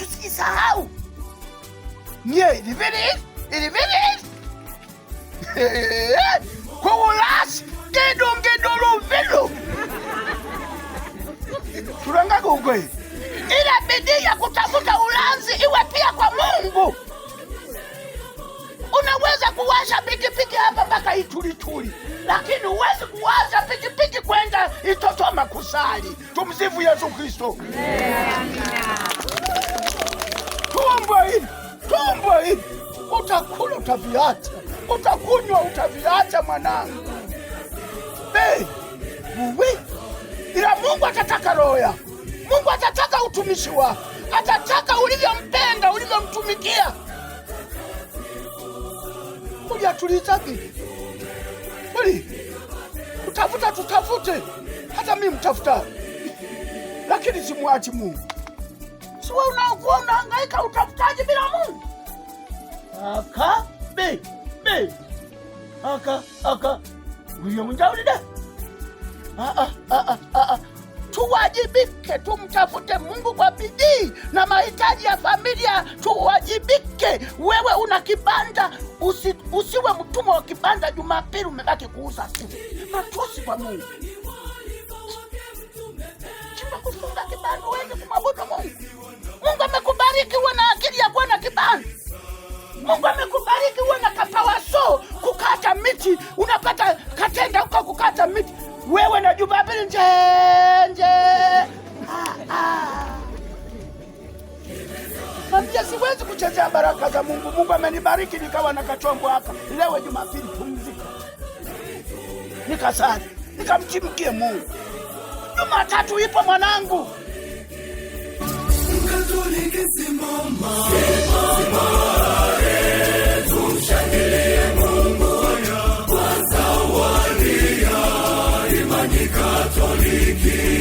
Tusijisahau. Nye iliviri iliviri kuulash kidungiduluvinu tulangaga uko ila bidii ya kutafuta ulanzi iwe pia kwa Mungu. Unaweza kuwasha pikipiki hapa mpaka Itulituli, lakini huwezi kuwasha pikipiki kwenda Itotoma kusali. Tumsifu Yesu Kristo. utakula utaviacha, utakunywa utaviacha, mwanangu. Hey, ila Mungu atataka roho yako, Mungu atataka utumishi wako, atataka ulivyompenda, ulivyomtumikia. Kuja kweli, kutafuta, tutafute hata mimi mtafuta, lakini simwachi Mungu. Siwe unaokuwa unahangaika utafutaji bila Mungu akabe aka aka uyo ah, ah, ah, tuwajibike, tumtafute Mungu kwa bidii na mahitaji ya familia. Tuwajibike. Wewe una kibanda, usi, usiwe mtumwa wa kibanda. Jumapili umebaki kuuza simu. Matusi kwa Mungu. Mungu amekubariki uwe na kapawa so kukata miti, unapata katenda huko kukata miti, wewe na Jumapili nje nje ah. ah. siwezi kuchezea baraka za Mungu. Mungu amenibariki nikawa na kachombo hapa. Leo Jumapili pumzika, nikasali, nikamchimkie Mungu. Jumatatu ipo mwanangu. Katoliki